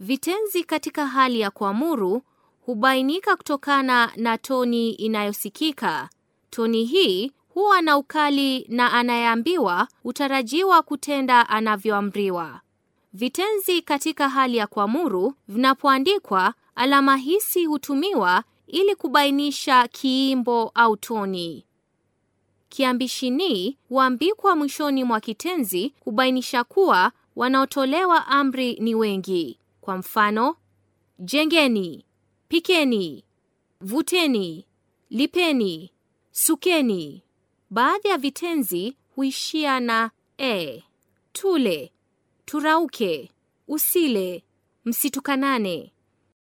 Vitenzi katika hali ya kuamuru hubainika kutokana na toni inayosikika. Toni hii huwa na ukali na anayeambiwa hutarajiwa kutenda anavyoamriwa. Vitenzi katika hali ya kuamuru vinapoandikwa, alama hisi hutumiwa ili kubainisha kiimbo au toni. Kiambishi ni huambikwa mwishoni mwa kitenzi kubainisha kuwa wanaotolewa amri ni wengi. Kwa mfano, jengeni, pikeni, vuteni, lipeni, sukeni. Baadhi ya vitenzi huishia na e. Tule, turauke, usile, msitukanane.